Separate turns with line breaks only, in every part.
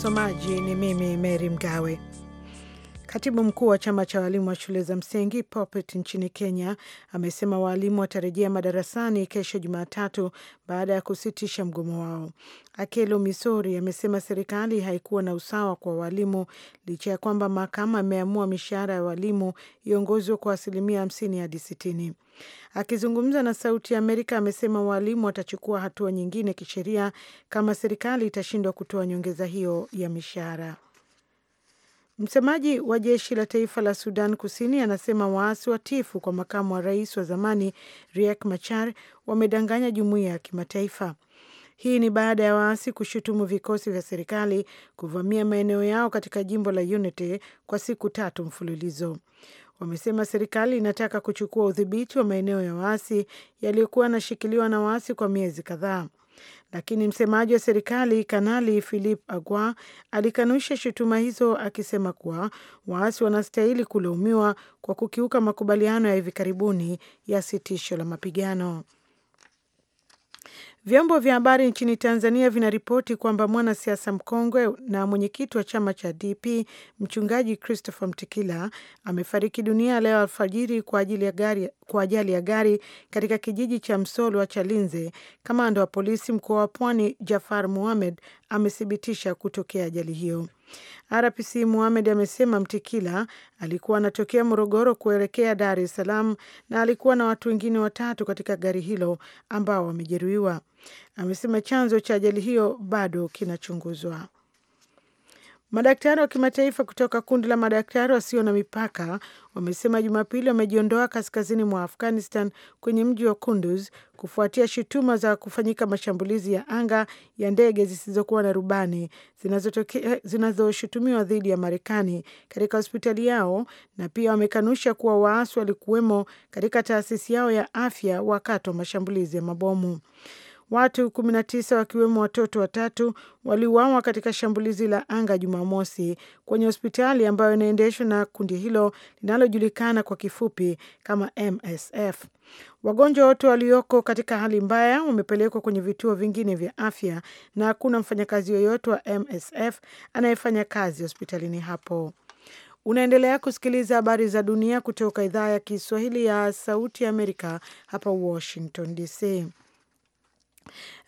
Msomaji ni mimi Meri Mgawe. Katibu mkuu wa chama cha walimu wa shule za msingi Popet nchini Kenya amesema waalimu watarejea madarasani kesho Jumatatu baada ya kusitisha mgomo wao. Akelo Misori amesema serikali haikuwa na usawa kwa waalimu licha ya kwamba mahakama ameamua mishahara ya walimu iongozwe kwa asilimia hamsini hadi sitini. Akizungumza na Sauti ya Amerika amesema waalimu watachukua hatua nyingine kisheria kama serikali itashindwa kutoa nyongeza hiyo ya mishahara. Msemaji wa jeshi la taifa la Sudan Kusini anasema waasi watifu kwa makamu wa rais wa zamani Riek Machar wamedanganya jumuiya ya kimataifa. Hii ni baada ya waasi kushutumu vikosi vya serikali kuvamia maeneo yao katika jimbo la Unity kwa siku tatu mfululizo. Wamesema serikali inataka kuchukua udhibiti wa maeneo ya waasi yaliyokuwa yanashikiliwa na waasi kwa miezi kadhaa lakini msemaji wa serikali Kanali Philip agua alikanusha shutuma hizo akisema kuwa waasi wanastahili kulaumiwa kwa kukiuka makubaliano ya hivi karibuni ya sitisho la mapigano. Vyombo vya habari nchini Tanzania vinaripoti kwamba mwanasiasa mkongwe na mwenyekiti wa chama cha DP mchungaji Christopher Mtikila amefariki dunia leo alfajiri kwa ajili ya gari kwa ajali ya gari katika kijiji cha Msolwa cha Linze. Kamanda wa polisi mkoa wa Pwani Jafar Muhamed amethibitisha kutokea ajali hiyo. RPC Muhamed amesema Mtikila alikuwa anatokea Morogoro kuelekea Dar es Salaam na alikuwa na watu wengine watatu katika gari hilo ambao wamejeruhiwa. Amesema chanzo cha ajali hiyo bado kinachunguzwa. Madaktari wa kimataifa kutoka kundi la madaktari wasio na mipaka wamesema Jumapili wamejiondoa kaskazini mwa Afghanistan kwenye mji wa Kunduz kufuatia shutuma za kufanyika mashambulizi ya anga ya ndege zisizokuwa na rubani zinazoshutumiwa dhidi ya Marekani katika hospitali yao, na pia wamekanusha kuwa waasi walikuwemo katika taasisi yao ya afya wakati wa mashambulizi ya mabomu. Watu 19 wakiwemo watoto watatu waliuawa katika shambulizi la anga Jumamosi kwenye hospitali ambayo inaendeshwa na kundi hilo linalojulikana kwa kifupi kama MSF. Wagonjwa wote walioko katika hali mbaya wamepelekwa kwenye vituo vingine vya afya na hakuna mfanyakazi yoyote wa MSF anayefanya kazi hospitalini hapo. Unaendelea kusikiliza habari za dunia kutoka idhaa ya Kiswahili ya Sauti ya Amerika hapa Washington DC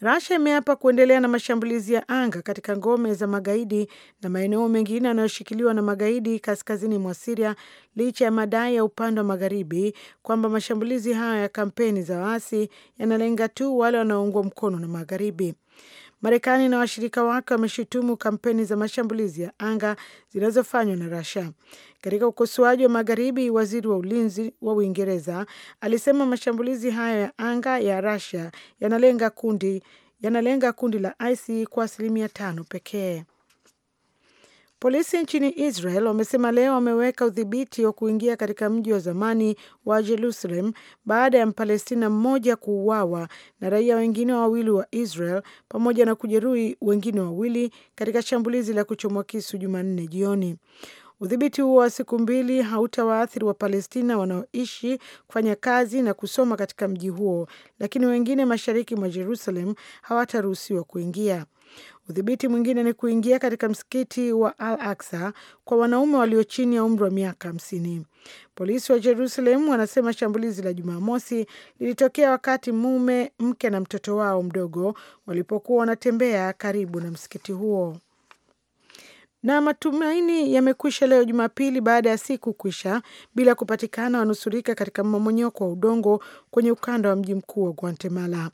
rasia imeapa kuendelea na mashambulizi ya anga katika ngome za magaidi na maeneo mengine yanayoshikiliwa na magaidi kaskazini mwa Siria licha ya madai ya upande wa magharibi kwamba mashambulizi hayo ya kampeni za waasi yanalenga tu wale wanaoungwa mkono na magharibi. Marekani na washirika wake wameshutumu kampeni za mashambulizi ya anga zinazofanywa na rasia Katika ukosoaji wa magharibi, waziri wa ulinzi wa Uingereza alisema mashambulizi hayo ya anga ya rasia yanalenga kundi yanalenga kundi la IC kwa asilimia tano pekee. Polisi nchini Israel wamesema leo wameweka udhibiti wa kuingia katika mji wa zamani wa Jerusalem baada ya Mpalestina mmoja kuuawa na raia wengine wawili wa Israel pamoja na kujeruhi wengine wawili katika shambulizi la kuchomwa kisu Jumanne jioni. Udhibiti huo wa siku mbili hautawaathiri wa palestina wanaoishi kufanya kazi na kusoma katika mji huo, lakini wengine mashariki mwa Jerusalem hawataruhusiwa kuingia. Udhibiti mwingine ni kuingia katika msikiti wa Al Aksa kwa wanaume walio chini ya umri wa miaka hamsini. Polisi wa Jerusalem wanasema shambulizi la Jumamosi lilitokea wakati mume, mke na mtoto wao mdogo walipokuwa wanatembea karibu na msikiti huo. Na matumaini yamekwisha leo Jumapili baada ya siku kwisha bila kupatikana wanusurika katika mmomonyoko wa udongo kwenye ukanda wa mji mkuu wa Guatemala.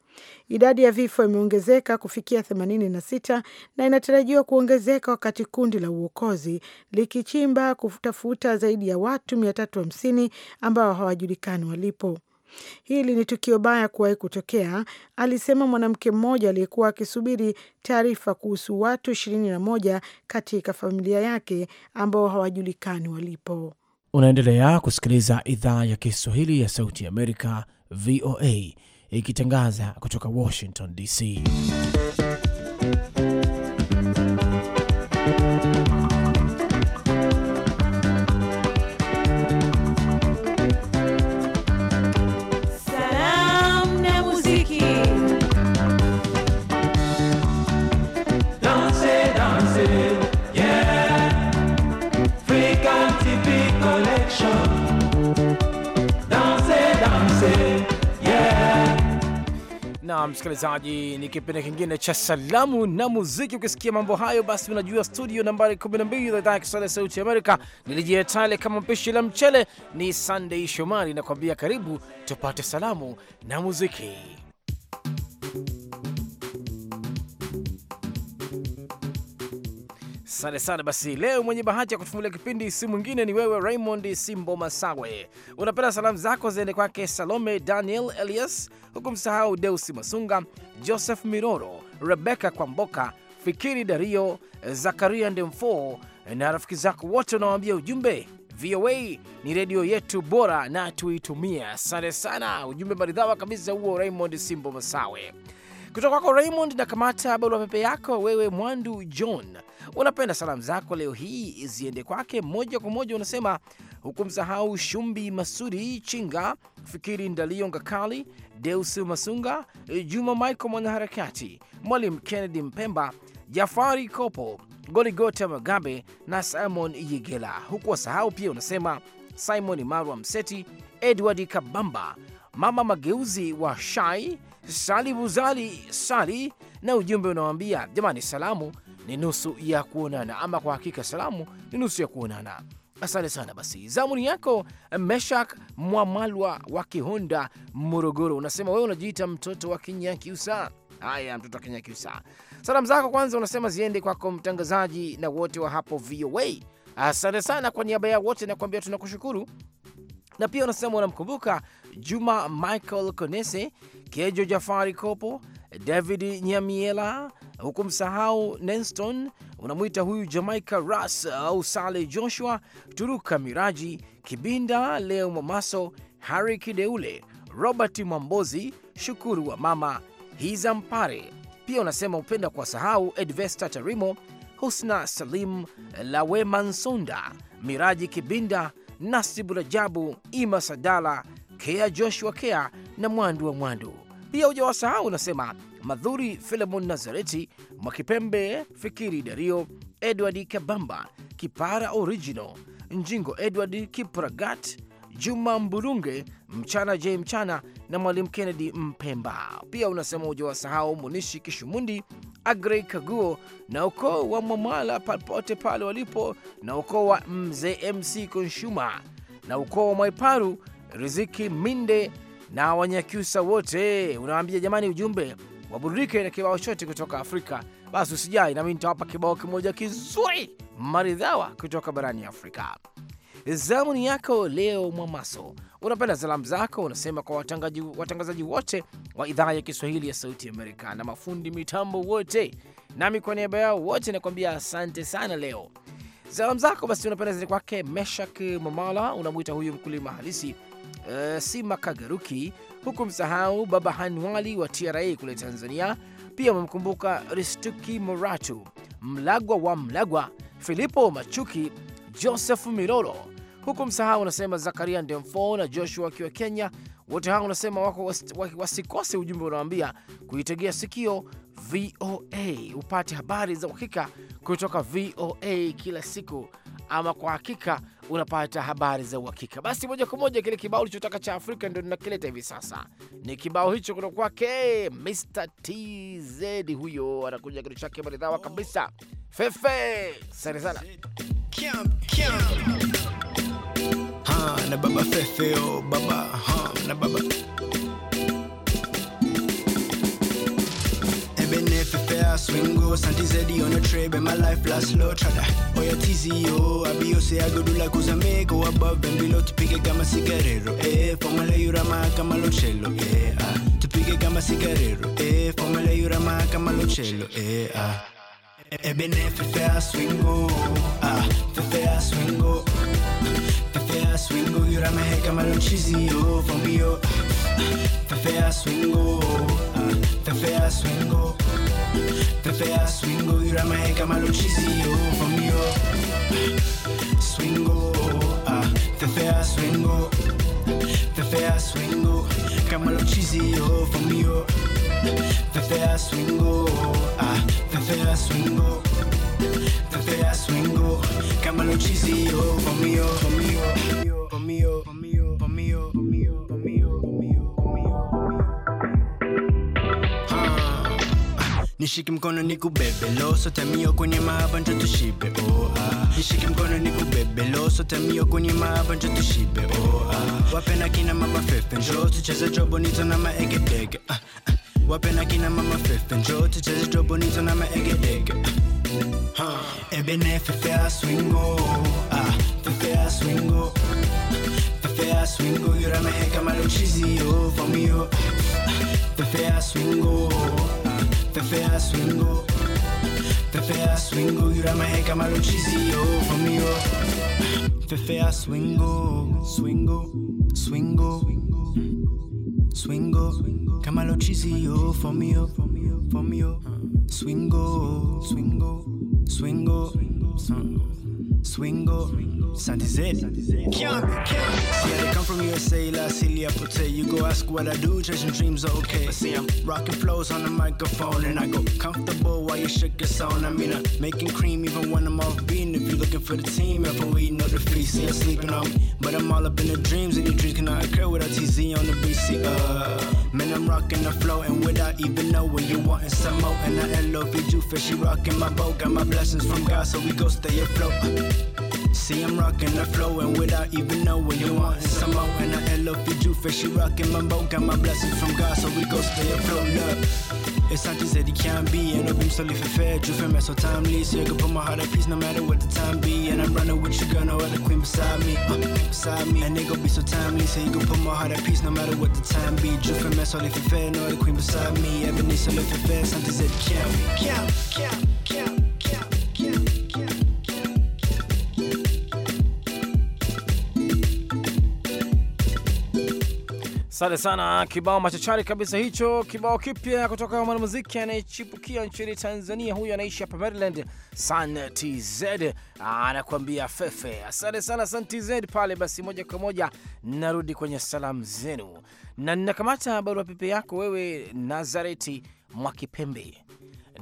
Idadi ya vifo imeongezeka kufikia 86 na inatarajiwa kuongezeka wakati kundi la uokozi likichimba kutafuta zaidi ya watu 350 ambao hawajulikani walipo. Hili ni tukio baya kuwahi kutokea, alisema mwanamke mmoja aliyekuwa akisubiri taarifa kuhusu watu ishirini na moja katika familia yake ambao hawajulikani walipo.
Unaendelea kusikiliza idhaa ya Kiswahili ya Sauti ya Amerika, VOA, ikitangaza kutoka Washington DC. msikilizaji, ni kipindi kingine cha salamu na muziki. Ukisikia mambo hayo, basi unajua studio nambari 12 za idhaa ya Kiswahili ya Sauti Amerika Nilijietale kama mpishi la mchele. Ni Sunday Shomari nakwambia, karibu tupate salamu na muziki. Asante sana. Basi leo mwenye bahati ya kutufungulia kipindi si mwingine ni wewe Raymond Simbo Masawe. Unapenda salamu zako ziende kwake Salome Daniel Elias, huku msahau Deusi Masunga, Joseph Miroro, Rebeka Kwamboka, Fikiri Dario, Zakaria Ndemfo na rafiki zako wote. Unawaambia ujumbe VOA ni redio yetu bora na tuitumia Asante sana, ujumbe maridhawa kabisa huo, Raymond Simbo Masawe kutoka kwako Raymond. Na kamata barua pepe yako wewe, Mwandu John, unapenda salamu zako leo hii ziende kwake moja kwa moja, unasema huku msahau Shumbi Masuri Chinga, Fikiri Ndalio, Ngakali Deus Masunga, Juma Michael mwanaharakati, Mwalimu Kennedy Mpemba, Jafari Kopo, Goligota Magabe na Simon Yigela, huku wasahau pia unasema Simon Marwa Mseti, Edward Kabamba, Mama Mageuzi wa Shai Sali Buzali Sali na ujumbe unawambia, jamani, salamu ni nusu ya kuonana, ama kwa hakika salamu ni nusu ya kuonana. Asante sana. Basi zamu ni yako Meshak Mwamalwa wa Kihonda, Morogoro. Unasema wewe unajiita mtoto wa Kinyakiusa. Haya, mtoto wa Kinyakiusa, salamu zako kwanza unasema ziende kwako mtangazaji na wote wa hapo VOA. Asante sana kwa niaba ya wote nakuambia tunakushukuru na pia unasema unamkumbuka Juma Michael Konese Kejo Jafari Kopo, David Nyamiela, huku msahau Nenston, unamwita huyu Jamaica Ras au Sale Joshua, Turuka Miraji, Kibinda Leo, Mamaso Harry Kideule, Robert Mwambozi, Shukuru wa Mama Hiza Mpare. Pia unasema upenda kwa sahau Edvesta Tarimo, Husna Salim, Lawe Mansonda, Miraji Kibinda, Nasibu Rajabu, Ima Sadala Kea Joshua Kea na Mwandu wa Mwandu. Pia hujawasahau unasema Madhuri Filemon Nazareti, Mwakipembe Fikiri Dario, Edward Kabamba, Kipara Original, Njingo Edward Kipragat, Juma Mburunge, Mchana J Mchana na Mwalimu Kennedy Mpemba. Pia unasema hujawasahau Munishi Kishumundi, Agrey Kaguo na ukoo wa Mwamwala popote pale walipo, na ukoo wa Mzee MC Konshuma na ukoo wa Mwaiparu Riziki Minde na Wanyakyusa wote unawaambia jamani, ujumbe waburudike na kibao chote kutoka Afrika. Basi usijai, nami nitawapa kibao kimoja kizuri maridhawa kutoka barani Afrika. Zamu ni yako leo, Mwamaso. Unapenda salamu zako unasema kwa watangazaji wote wa idhaa ya Kiswahili ya Sauti Amerika na mafundi mitambo wote, nami kwa niaba yao wote nakuambia asante sana leo. Salamu zako basi unapenda zile kwake Meshak Mamala, unamwita huyu mkulima halisi Eh, Sima Kagaruki, huku msahau Baba Hanwali wa TRA kule Tanzania. Pia wamemkumbuka Ristuki Moratu, Mlagwa wa Mlagwa, Filipo Machuki, Joseph Milolo, huku msahau unasema Zakaria Ndemfo na Joshua wakiwa Kenya. Wote hao unasema wako wasikose ujumbe, unawaambia kuitegea sikio VOA upate habari za uhakika kutoka VOA kila siku. Ama kwa hakika unapata habari za uhakika. Basi moja kwa moja kile kibao ulichotaka cha Afrika ndio ninakileta hivi sasa, ni kibao hicho kutoka kwake Mr TZ. Huyo anakuja kitu chake maridhawa kabisa, fefe sana sana
na baba oh, baba ha, na baba fair swing go Santi Zeddy on a tray but my life last low chada Oh yeah TZO oh, Abio oh, say I go do like me. Go oh, above and below a kama cigarero Eh a yurama kama lochelo Eh ah a kama cigarero Eh formale yurama kama lochelo Eh ah Ebene eh, fefea swingo Ah fefea swingo Fefea swingo yurama he kama lochizio Fombio Fefea swingo Ah swing swingo TTA swingo diorama e camaluchisio conmigo Swingo, ah, TTA swingo TTA swingo, camaluchisio conmigo TTA swingo, ah, TTA swingo TTA swingo, camaluchisio conmigo, conmigo nishike mkono nikubebe loso tamio kwenye maaba njo tushibe oa nishike mkono nikubebe loso tamio kwenye maaba njo tushibe ah. wapena kina mama fefe njo tucheze jobo nito na maegedege uh, ah, uh. Ah. wapena kina mama fefe njo tucheze jobo nito na maegedege uh. huh. Ah. ebene fefea swingo ah, fefea swingo fefea swingo Yura yurameheka malomshizio vomio fefea swingo ah, Pepe swingo Pepe swingo Yura maheka maluchizio Conmigo Pepe swingo Swingo Swingo Swingo Kama lochizio For me For me For me Swingo Swingo Swingo Swingo Swingo Saint be killed.
Yeah, they
come from USA, La Celia Pote. You go ask what I do, chasing dreams are okay. I see, I'm rocking flows on the microphone, and I go comfortable while you shook your soul. I mean, I'm making cream even when I'm off beating. If you're looking for the team, if I'm eating the fleet, see, I'm sleeping on me. But I'm all up in the dreams, and your dreams cannot occur without TZ on the BC. Uh, man, I'm rocking the flow, and without even knowing you wantin' some more. And I love you, fish, she rocking my boat. Got my blessings from God, so we go stay afloat. See, I'm rocking the flow, and without even knowing you want some more. And I love you too, for she rocking my boat. Got my blessing from God, so we go stay afloat. Look, it's something that he can't be, and I've been slowly for fair. You feel me so timely, so you can put my heart at peace no matter what the time be. And I'm running with you, girl, no other queen beside me, uh, beside me. And they gon' be so timely, so you can put my heart at peace no matter what the time be. You feel me so live fair, no other queen beside me. Ebony so live fair, something that he can't be, can't, can't.
Asante sana, kibao machachari kabisa hicho, kibao kipya kutoka mwanamuziki anayechipukia nchini Tanzania. Huyu anaishi hapa Maryland, San TZ anakuambia fefe. Asante sana San TZ pale. Basi moja kwa moja narudi kwenye salamu zenu, na ninakamata barua pepe yako wewe, Nazareti Mwakipembe.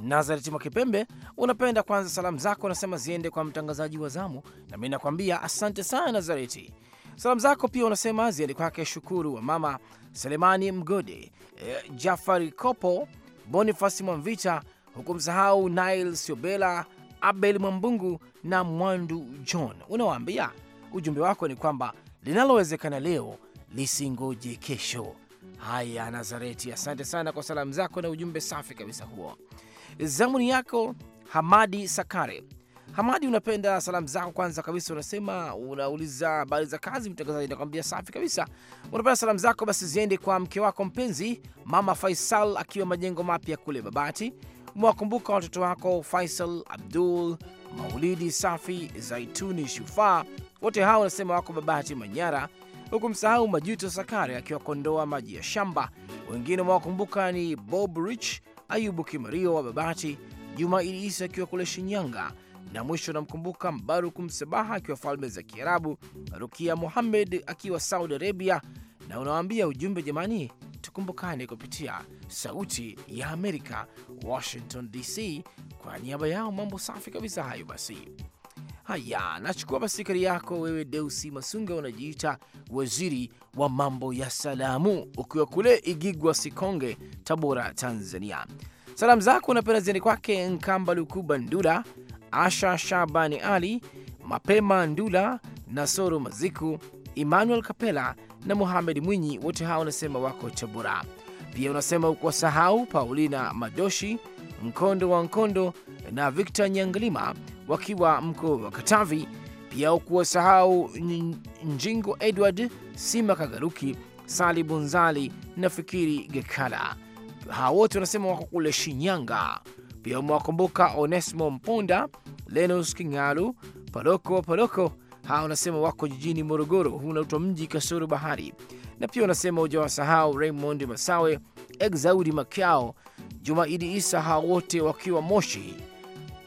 Nazareti Mwakipembe, unapenda kwanza salamu zako unasema ziende kwa mtangazaji wa zamu, na mi nakwambia asante sana Nazareti Salamu zako pia unasema ziende kwake Shukuru wa mama Selemani Mgode, eh, Jafari Kopo, Bonifasi Mwamvita, huku msahau Nail Siobela, Abel Mwambungu na Mwandu John. Unawaambia ujumbe wako ni kwamba linalowezekana leo lisingoje kesho. Haya, Nazareti, asante sana kwa salamu zako na ujumbe safi kabisa huo. Zamuni yako Hamadi Sakare Hamadi, unapenda salamu zako kwanza kabisa, unasema unauliza habari za kazi, mtangazaji. Nakwambia safi kabisa. Unapenda salamu zako basi ziende kwa mke wako mpenzi, mama Faisal akiwa majengo mapya kule Babati. Umewakumbuka watoto wako Faisal, Abdul, Maulidi, Safi, Zaituni, Shufaa, wote hao unasema wako Babati, Manyara huku msahau Majuto Sakari akiwa Kondoa maji ya shamba. Wengine mwawakumbuka ni Bob Rich, Ayubu Kimario wa Babati, Juma Idi Isa akiwa kule Shinyanga, na mwisho namkumbuka mbaruku Msabaha akiwa Falme za Kiarabu, Rukia Muhammed akiwa Saudi Arabia, na unawaambia ujumbe, jamani, tukumbukane kupitia Sauti ya Amerika, Washington DC. Kwa niaba yao mambo safi kabisa hayo. Basi haya, nachukua basi kari yako wewe, Deusi Masunga, unajiita waziri wa mambo ya salamu, ukiwa kule Igigwa, Sikonge, Tabora, Tanzania. Salamu zako unapenda ziende kwake Nkamba Lukuba Ndula Asha Shabani Ali, Mapema Ndula, Nasoro Maziku, Emmanuel Kapela na Muhamed Mwinyi, wote hao wanasema wako Tabora. Pia unasema sahau Paulina Madoshi, Mkondo wa Nkondo na Victor Nyangalima wakiwa mkoa wa Katavi. Pia sahau Njingo Edward Sima Kagaruki, Sali Bunzali na Fikiri Gekala, hawa wote wanasema wako kule Shinyanga. Pia umewakumbuka onesimo Mpunda, Lenus Kingalu, Paloko Paloko. Hawa unasema wako jijini Morogoro, huu unaitwa mji kasoro bahari. Na pia unasema ujawasahau Raymond Masawe, Exaudi Makiao, Jumaidi Isa, hawa wote wakiwa Moshi.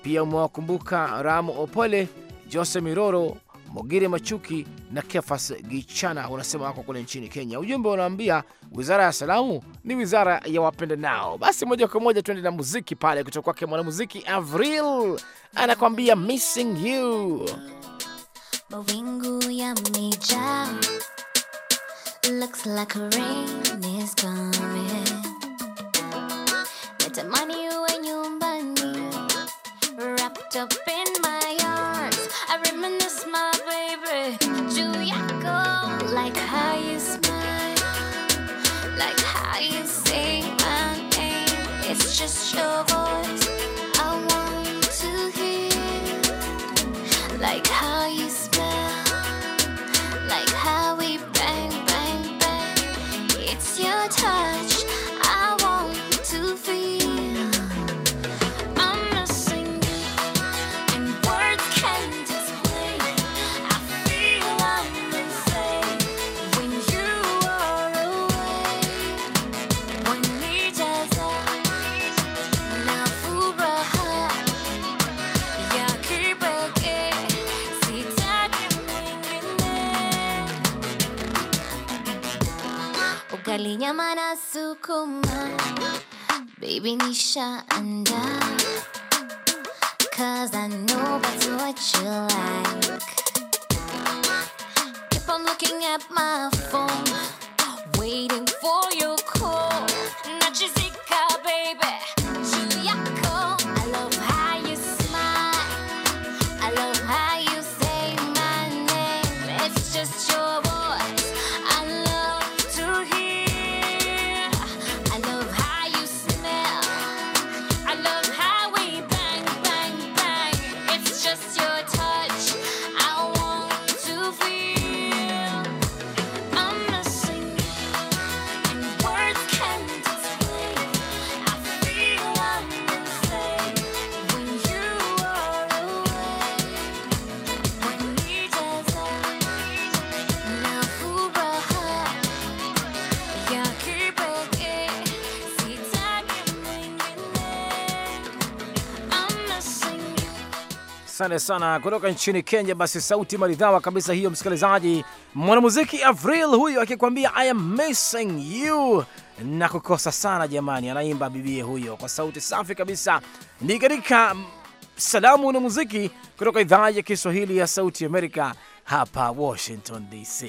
Pia umewakumbuka Ramo Opole, Jose Miroro Mogire Machuki na Kefas Gichana, unasema wako kule nchini Kenya. Ujumbe unaambia wizara ya salamu ni wizara ya wapenda nao. Basi moja kwa moja tuende na muziki pale kutoka kwake mwanamuziki Avril anakwambia missing you. Mawingu yamejaa, looks like rain
is coming just your voice I want to hear like how you like how we bang bang bang it's your touch kama nasukuma Baby Nisha, nishaanda Cause I know that's what you like Keep on looking at my phone Waiting for your call
Asante sana kutoka nchini Kenya. Basi sauti maridhawa kabisa hiyo, msikilizaji. Mwanamuziki Avril huyu akikwambia I am missing you na kukosa sana jamani, anaimba bibie huyo kwa sauti safi kabisa. Ni katika salamu na muziki kutoka idhaa ya Kiswahili ya Sauti Amerika hapa Washington DC.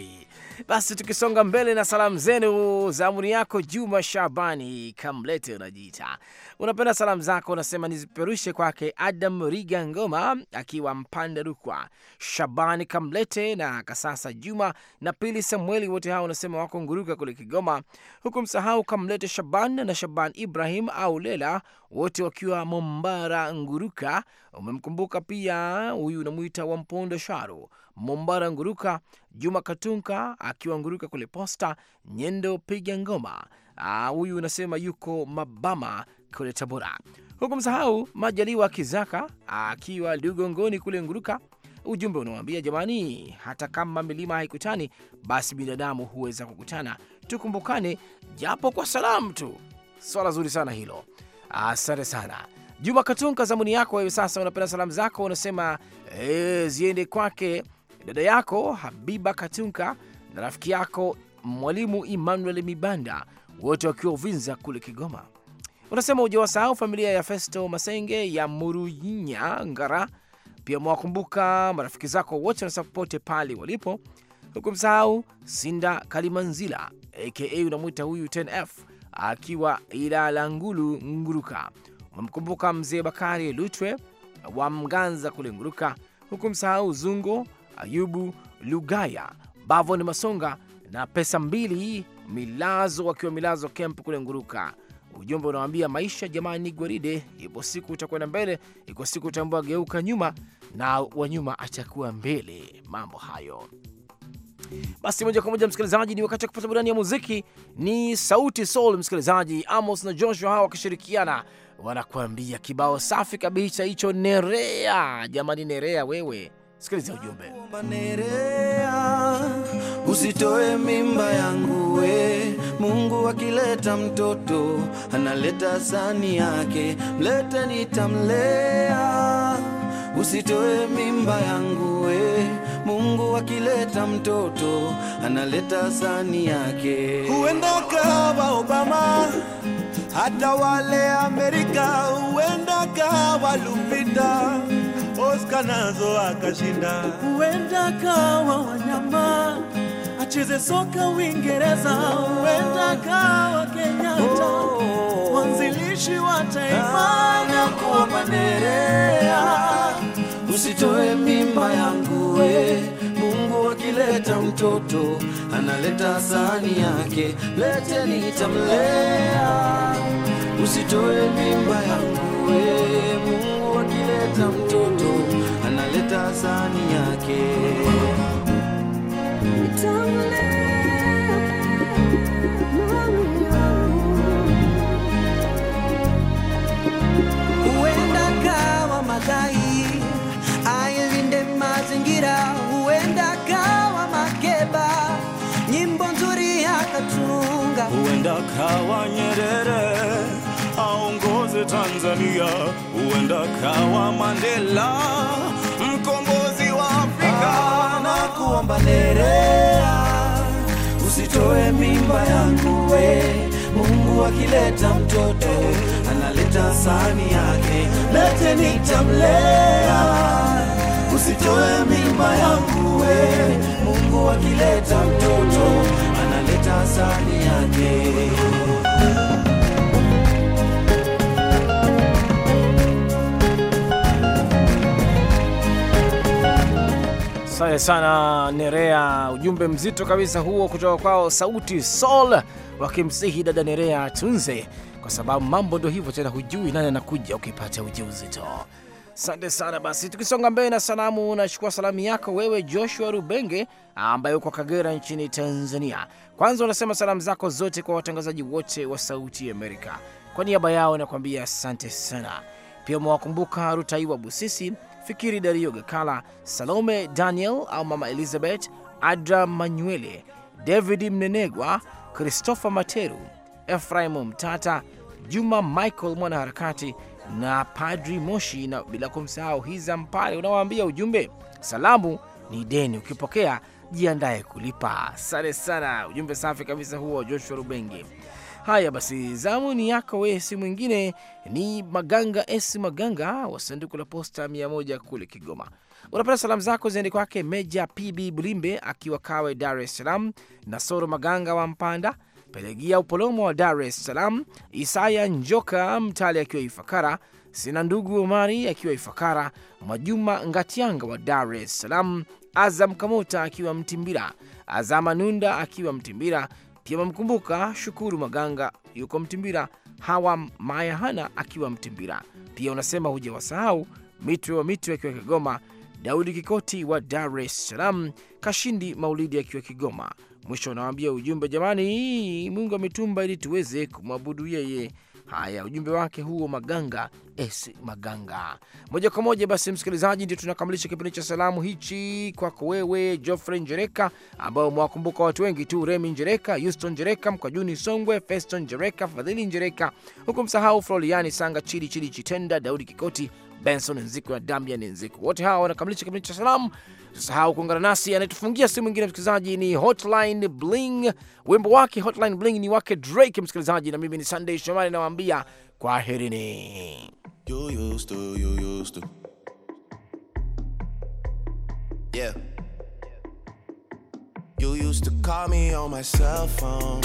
Basi tukisonga mbele na salamu zenu, zamuni yako Juma Shabani Kamlete unajiita, unapenda salamu zako unasema nizipeperushe kwake Adam Riga Ngoma akiwa Mpande Rukwa, Shabani Kamlete na Kasasa Juma na Pili Samueli, wote hao unasema wako Nguruka kule Kigoma, huku msahau Kamlete Shaban na Shaban Ibrahim au Lela, wote wakiwa Mombara Nguruka. Umemkumbuka pia huyu unamwita Wampondo Sharo Mombara Nguruka Juma Katunka akiwa Nguruka kule Posta, Nyendo piga ngoma. Ah, huyu unasema yuko Mabama kule Tabora, huku msahau Majaliwa Kizaka akiwa Lugongoni kule Nguruka. Ujumbe unawambia jamani, hata kama milima haikutani basi binadamu huweza kukutana, tukumbukane japo kwa salamu tu. Swala zuri sana hilo, asante sana Juma Katunka. Zamuni yako wewe sasa, unapenda salamu zako unasema ee, ziende kwake dada yako Habiba Katunka na rafiki yako mwalimu Emmanuel Mibanda, wote wakiwa Uvinza kule Kigoma. Unasema hujawasahau familia ya Festo Masenge ya Muruyinya Ngara, pia mwakumbuka marafiki zako wote wanasema popote pale walipo, msahau Sinda Kalimanzila aka unamwita huyu 10F akiwa Ilala Ngulu Nguruka. Umemkumbuka mzee Bakari Lutwe wa Mganza kule Nguruka, hukumsahau Zungo Ayubu Lugaya, bavo ni Masonga na Pesa Mbili Milazo wakiwa Milazo Kemp kule Nguruka. Ujumbe unawaambia maisha jamani, gwaride, ipo siku utakwenda mbele, iko siku utaambua geuka nyuma na wa nyuma atakuwa mbele. Mambo hayo basi, moja kwa moja msikilizaji, ni wakati wa kupata burudani ya muziki. Ni Sauti Soul msikilizaji, Amos na Joshua hawa wakishirikiana wanakuambia kibao safi kabisa hicho, Nerea. Jamani, Nerea wewe Sikiliza ujumbe.
Usitoe mimba yangu we Mungu,
akileta mtoto analeta sani yake, mlete nitamlea.
Usitoe mimba yangu we Mungu, akileta mtoto analeta sani yake. Huenda kawa Obama, hata wale Amerika, huenda kawa Lupita Oscar nazo akashinda. Huenda kawa wanyama acheze soka Uingereza, huenda kawa Kenyatta oh. mwanzilishi wa taifa na kuwa manerea. Usitoe mimba yangu we
Mungu akileta mtoto analeta sahani yake, leteni nitamlea. Usitoe mimba yangu we
Mungu akileta mtoto tazani yake huenda
kawa madai ailinde mazingira, huenda kawa Makeba nyimbo nzuri akatunga,
huenda
kawa Nyerere aongoze Tanzania, huenda kawa
Mandela kuomba nerea, usitoe mimba yangu we.
Mungu akileta mtoto analeta sahani yake, lete nitamlea, usitoe mimba yangu we. Mungu akileta mtoto analeta sahani yake.
Asante sana Nerea, ujumbe mzito kabisa huo kutoka kwao Sauti Sol, wakimsihi dada Nerea atunze, kwa sababu mambo ndio hivyo tena, hujui nani anakuja ukipata uzito Asante sana. Basi tukisonga mbele na salamu, unachukua salamu yako wewe Joshua Rubenge ambaye uko Kagera nchini Tanzania. Kwanza unasema salamu zako zote kwa watangazaji wote wa Sauti Amerika, kwa niaba yao nakwambia asante sana. Pia umewakumbuka Rutaiwa Busisi Fikiri Dario Gakala, Salome Daniel au Mama Elizabeth, Adra Manuele, David Mnenegwa, Christopher Materu, Efraimu Mtata, Juma Michael mwanaharakati na Padri Moshi, na bila kumsahau Hiza Mpale. Unawaambia ujumbe, salamu ni deni, ukipokea jiandaye kulipa. Asante sana, ujumbe safi kabisa huo, Joshua Rubenge. Haya basi, zamu ni yako wewe, si mwingine ni Maganga S Maganga wa sanduku la posta mia moja kule Kigoma. Unapata salamu zako ziende kwake Meja PB Bulimbe akiwa Kawe, Dar es Salaam, Nasoro Maganga wa Mpanda, Pelegia Upolomo wa Dar es Salaam, Isaya Njoka Mtale akiwa Ifakara, Sina Ndugu Omari akiwa Ifakara, Majuma Ngatianga wa Dar es Salaam, Azam Kamota akiwa Mtimbira, Azama Nunda akiwa Mtimbira, akiwa mkumbuka Shukuru Maganga yuko Mtimbira, Hawa Mayahana akiwa Mtimbira pia. Unasema hujawasahau Mitwe wa Mitwe akiwa Kigoma, Daudi Kikoti wa Dar es Salaam, Kashindi Maulidi akiwa Kigoma. Mwisho unawaambia ujumbe, jamani, Mungu ametumba ili tuweze kumwabudu yeye. Haya, ujumbe wake huo Maganga S Maganga. Moja kwa moja basi, msikilizaji, ndio tunakamilisha kipindi cha salamu hichi kwako wewe Geoffrey Njereka, ambao mwakumbuka watu wengi tu, Remi Njereka, Houston Njereka, Mkwajuni Songwe, Feston Njereka, Fadhili Njereka, huku msahau Floriani Sanga, Chidi Chidi Chitenda, Daudi Kikoti Benson Nziku na Damian Nziku. Wote hawa wanakamilisha kipindi cha salamu. Usisahau kuungana nasi, anayetufungia simu ingine msikilizaji ni Hotline Bling. Wimbo wake Hotline Bling ni wake Drake, msikilizaji, na mimi ni Sunday Shomari, nawaambia
kwaherini. You You used to call me on my cell phone.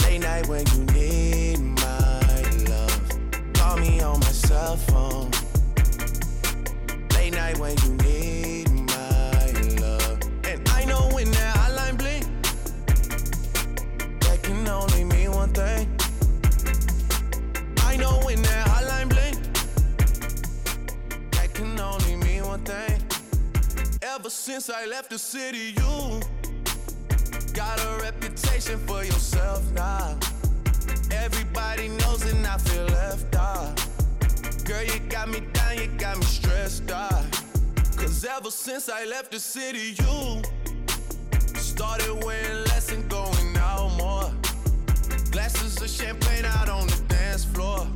Late night when you need me. call me on my cell phone. Late night when you need my love. And I know when that hotline bling, that can only mean one thing. I know when that hotline bling, that can only mean one thing. Ever since I left the city, you got a reputation for yourself now. Everybody knows and I feel Girl, you got me down, you got me stressed out. Cause ever since I left the city, you started wearing less and going out more. Glasses of champagne out on the dance floor.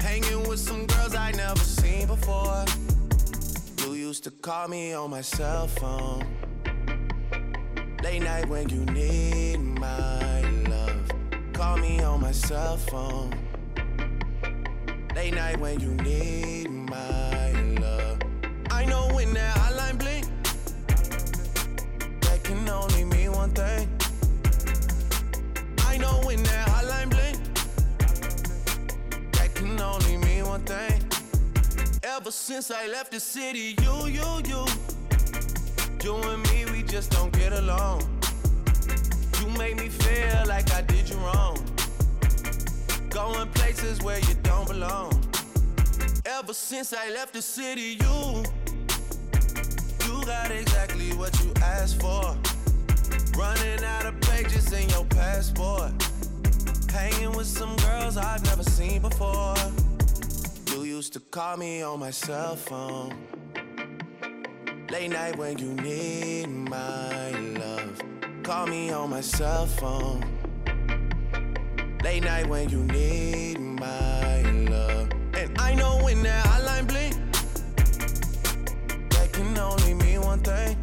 Hanging with some girls I never seen before. You used to call me on my cell phone. Late night when you need my love. Call me on my cell phone Late night when you need my love. I know when that hotline blink, that can only mean one thing. I know when that hotline blink, that can only mean one thing. Ever since I left the city, you, you, you, you and me, we just don't get along. You make me feel like I did you wrong going places where you don't belong. Ever since I left the city, you you got exactly what you asked for. Running out of pages in your passport. Hanging with some girls I've never seen before. You used to call me on my cell phone. Late night when you need my love. Call me on my cell phone. Late night when you need my love. And I know when that hotline blink, that can only mean one thing.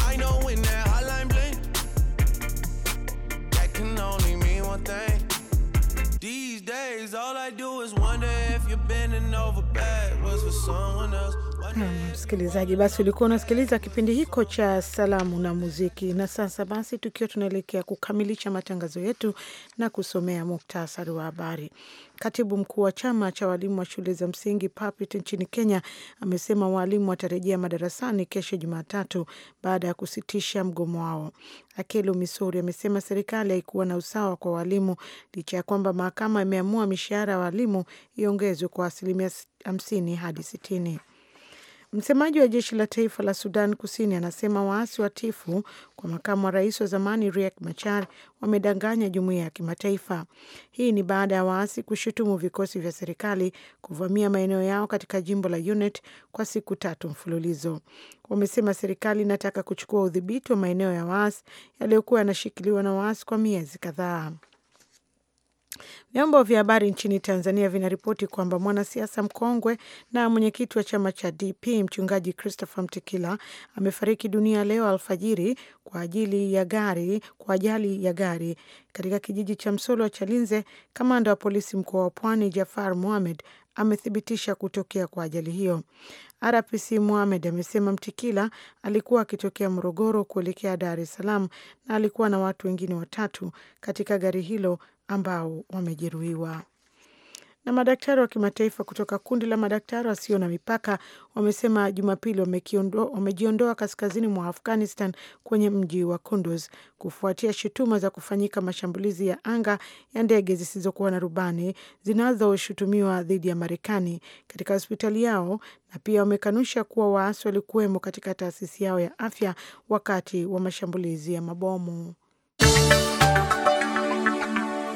I know when that hotline blink, that can only mean one thing. These days, all I do is wonder if you're bending over backwards for someone else.
Msikilizaji, basi ulikuwa unasikiliza kipindi hiko cha salamu na muziki, na sasa basi tukiwa tunaelekea kukamilisha matangazo yetu na kusomea muktasari wa habari. Katibu mkuu wa chama cha walimu wa shule za msingi PAPIT nchini Kenya amesema waalimu watarejea madarasani kesho Jumatatu baada ya kusitisha mgomo wao. Akelu Misori amesema serikali haikuwa na usawa kwa walimu licha ya kwamba mahakama imeamua mishahara ya walimu iongezwe kwa asilimia hamsini hadi sitini. Msemaji wa jeshi la taifa la Sudan Kusini anasema waasi wa tifu kwa makamu wa rais wa zamani Riek Machar wamedanganya jumuiya ya kimataifa. Hii ni baada ya waasi kushutumu vikosi vya serikali kuvamia maeneo yao katika jimbo la Unit kwa siku tatu mfululizo. Wamesema serikali inataka kuchukua udhibiti wa maeneo ya waasi yaliyokuwa yanashikiliwa na waasi kwa miezi kadhaa. Vyombo vya habari nchini Tanzania vinaripoti kwamba mwanasiasa mkongwe na mwenyekiti wa chama cha DP mchungaji Christopher Mtikila amefariki dunia leo alfajiri kwa ajili ya gari kwa ajali ya gari katika kijiji cha msolo wa Chalinze. Kamanda wa polisi mkoa wa Pwani Jafar Mohamed amethibitisha kutokea kwa ajali hiyo. RPC Mohamed amesema Mtikila alikuwa akitokea Morogoro kuelekea Dar es Salaam na alikuwa na watu wengine watatu katika gari hilo ambao wamejeruhiwa. Na madaktari wa kimataifa kutoka kundi la madaktari wasio na mipaka wamesema Jumapili wamejiondoa kaskazini mwa Afghanistan kwenye mji wa Kunduz kufuatia shutuma za kufanyika mashambulizi ya anga ya ndege zisizokuwa na rubani zinazoshutumiwa dhidi ya Marekani katika hospitali yao, na pia wamekanusha kuwa waasi walikuwemo katika taasisi yao ya afya wakati wa mashambulizi ya mabomu.